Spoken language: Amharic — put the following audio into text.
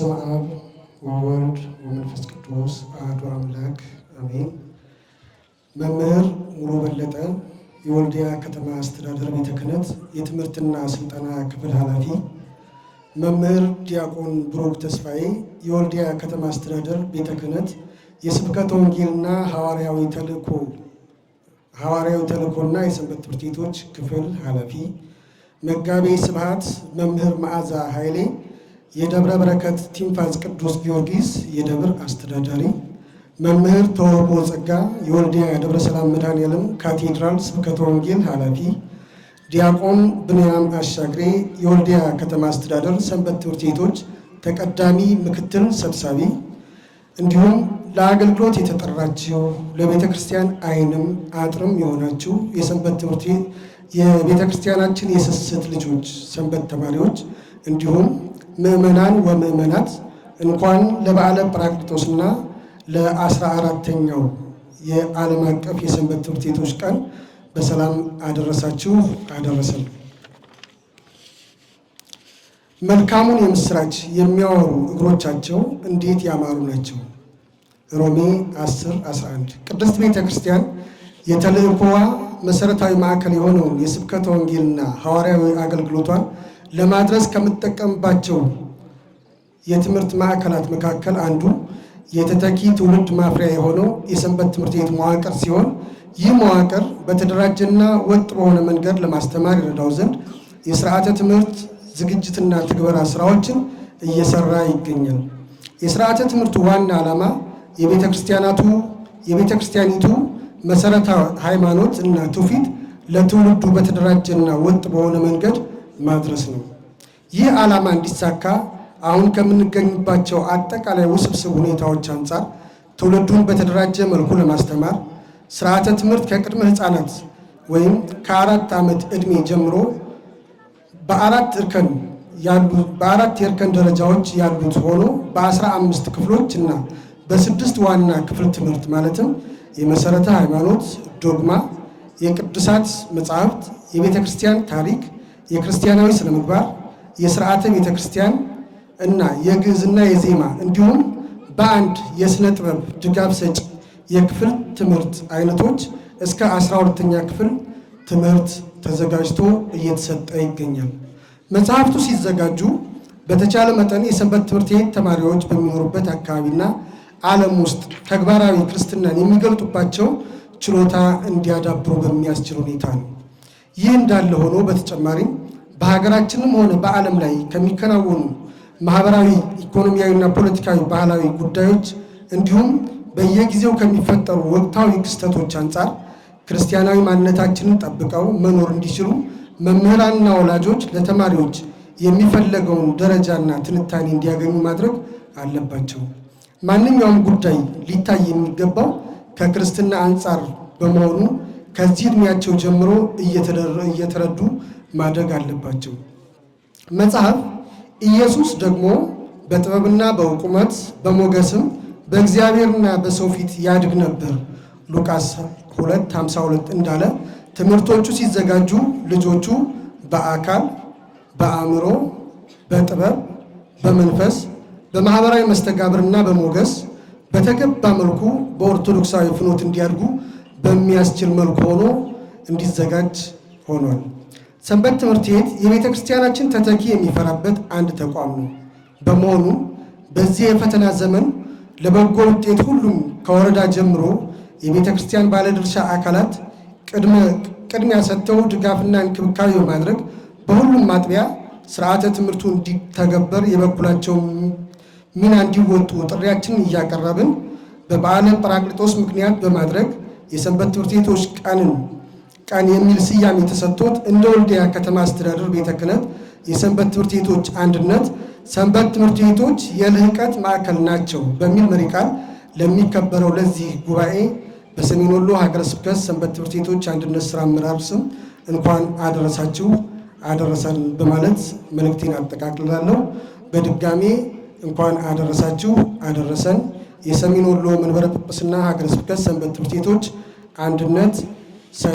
በስመ አብ ወወልድ ወመንፈስ ቅዱስ አሐዱ አምላክ አሜን። መምህር ሙሉ በለጠ የወልዲያ ከተማ አስተዳደር ቤተ ክህነት የትምህርትና ስልጠና ክፍል ኃላፊ፣ መምህር ዲያቆን ብሩክ ተስፋዬ የወልዲያ ከተማ አስተዳደር ቤተ ክህነት የስብከተ ወንጌልና ሐዋርያዊ ተልእኮ ሐዋርያዊ ተልእኮና የሰንበት ትምህርት ቤቶች ክፍል ኃላፊ፣ መጋቤ ስብሐት መምህር መዓዛ ኃይሌ የደብረ በረከት ቲንፋዝ ቅዱስ ጊዮርጊስ የደብር አስተዳዳሪ፣ መምህር ተወቦ ጸጋ የወልዲያ የደብረ ሰላም መድኃኔዓለም ካቴድራል ስብከተ ወንጌል ኃላፊ፣ ዲያቆን ብንያም አሻግሬ የወልዲያ ከተማ አስተዳደር ሰንበት ትምህርት ቤቶች ተቀዳሚ ምክትል ሰብሳቢ፣ እንዲሁም ለአገልግሎት የተጠራችው ለቤተ ክርስቲያን ዓይንም አጥርም የሆናችው የሰንበት ትምህርት የቤተ ክርስቲያናችን የስስት ልጆች ሰንበት ተማሪዎች እንዲሁም ምዕመናን ወምዕመናት እንኳን ለበዓለ ጰራቅሊጦስና ለአስራ አራተኛው የዓለም አቀፍ የሰንበት ትምህርት ቤቶች ቀን በሰላም አደረሳችሁ አደረሰን። መልካሙን የምስራች የሚያወሩ እግሮቻቸው እንዴት ያማሩ ናቸው። ሮሜ 10 11 ቅድስት ቤተ ክርስቲያን የተልእኮዋ መሰረታዊ ማዕከል የሆነውን የስብከተ ወንጌልና ሐዋርያዊ አገልግሎቷን ለማድረስ ከምጠቀምባቸው የትምህርት ማዕከላት መካከል አንዱ የተተኪ ትውልድ ማፍሪያ የሆነው የሰንበት ትምህርት ቤት መዋቅር ሲሆን ይህ መዋቅር በተደራጀና ወጥ በሆነ መንገድ ለማስተማር ይረዳው ዘንድ የስርዓተ ትምህርት ዝግጅትና ትግበራ ስራዎችን እየሰራ ይገኛል። የስርዓተ ትምህርቱ ዋና ዓላማ የቤተ ክርስቲያናቱ የቤተ ክርስቲያኒቱ ሃይማኖት እና ትውፊት ለትውልዱ በተደራጀና ወጥ በሆነ መንገድ ማድረስ ነው። ይህ ዓላማ እንዲሳካ አሁን ከምንገኝባቸው አጠቃላይ ውስብስብ ሁኔታዎች አንጻር ትውልዱን በተደራጀ መልኩ ለማስተማር ስርዓተ ትምህርት ከቅድመ ህፃናት ወይም ከአራት ዓመት ዕድሜ ጀምሮ በአራት እርከን በአራት የእርከን ደረጃዎች ያሉት ሆኖ በአስራ አምስት ክፍሎች እና በስድስት ዋና ክፍል ትምህርት ማለትም የመሰረተ ሃይማኖት፣ ዶግማ፣ የቅዱሳት መጻሕፍት፣ የቤተ ክርስቲያን ታሪክ የክርስቲያናዊ ስነ ምግባር የስርዓተ ቤተ ክርስቲያን እና የግዕዝና የዜማ እንዲሁም በአንድ የስነ ጥበብ ድጋፍ ሰጪ የክፍል ትምህርት አይነቶች እስከ 12 ተኛ ክፍል ትምህርት ተዘጋጅቶ እየተሰጠ ይገኛል። መጽሐፍቱ ሲዘጋጁ በተቻለ መጠን የሰንበት ትምህርት ቤት ተማሪዎች በሚኖሩበት አካባቢና ዓለም ውስጥ ተግባራዊ ክርስትናን የሚገልጡባቸው ችሎታ እንዲያዳብሩ በሚያስችል ሁኔታ ነው። ይህ እንዳለ ሆኖ በተጨማሪም በሀገራችንም ሆነ በዓለም ላይ ከሚከናወኑ ማህበራዊ፣ ኢኮኖሚያዊና ፖለቲካዊ ባህላዊ ጉዳዮች እንዲሁም በየጊዜው ከሚፈጠሩ ወቅታዊ ክስተቶች አንጻር ክርስቲያናዊ ማንነታችንን ጠብቀው መኖር እንዲችሉ መምህራንና ወላጆች ለተማሪዎች የሚፈለገውን ደረጃና ትንታኔ እንዲያገኙ ማድረግ አለባቸው። ማንኛውም ጉዳይ ሊታይ የሚገባው ከክርስትና አንጻር በመሆኑ ከዚህ እድሜያቸው ጀምሮ እየተረዱ ማድረግ አለባቸው። መጽሐፍ ኢየሱስ ደግሞ በጥበብና በቁመት በሞገስም በእግዚአብሔርና በሰው ፊት ያድግ ነበር ሉቃስ 2:52 እንዳለ ትምህርቶቹ ሲዘጋጁ ልጆቹ በአካል፣ በአእምሮ፣ በጥበብ፣ በመንፈስ፣ በማኅበራዊ መስተጋብርና በሞገስ በተገባ መልኩ በኦርቶዶክሳዊ ፍኖት እንዲያድጉ በሚያስችል መልኩ ሆኖ እንዲዘጋጅ ሆኗል። ሰንበት ትምህርት ቤት የቤተ ክርስቲያናችን ተተኪ የሚፈራበት አንድ ተቋም ነው። በመሆኑ በዚህ የፈተና ዘመን ለበጎ ውጤት ሁሉም ከወረዳ ጀምሮ የቤተ ክርስቲያን ባለድርሻ አካላት ቅድሚያ ሰጥተው ድጋፍና እንክብካቤ በማድረግ በሁሉም ማጥቢያ ስርዓተ ትምህርቱ እንዲተገበር የበኩላቸው ሚና እንዲወጡ ጥሪያችንን እያቀረብን በበዓለ ጰራቅሊጦስ ምክንያት በማድረግ የሰንበት ትምህርት ቤቶች ቀንን ቀን የሚል ስያሜ ተሰጥቶት እንደ ወልዲያ ከተማ አስተዳደር ቤተ ክህነት የሰንበት ትምህርት ቤቶች አንድነት ሰንበት ትምህርት ቤቶች የልህቀት ማዕከል ናቸው በሚል መሪ ቃል ለሚከበረው ለዚህ ጉባኤ በሰሜን ወሎ ሀገረ ስብከት ሰንበት ትምህርት ቤቶች አንድነት ስራ አመራር ስም እንኳን አደረሳችሁ አደረሰን በማለት መልእክቴን አጠቃቅላለሁ። በድጋሜ እንኳን አደረሳችሁ አደረሰን። የሰሜን ወሎ መንበረ ጵጵስና ሀገረ ስብከት ሰንበት ትምህርት ቤቶች አንድነት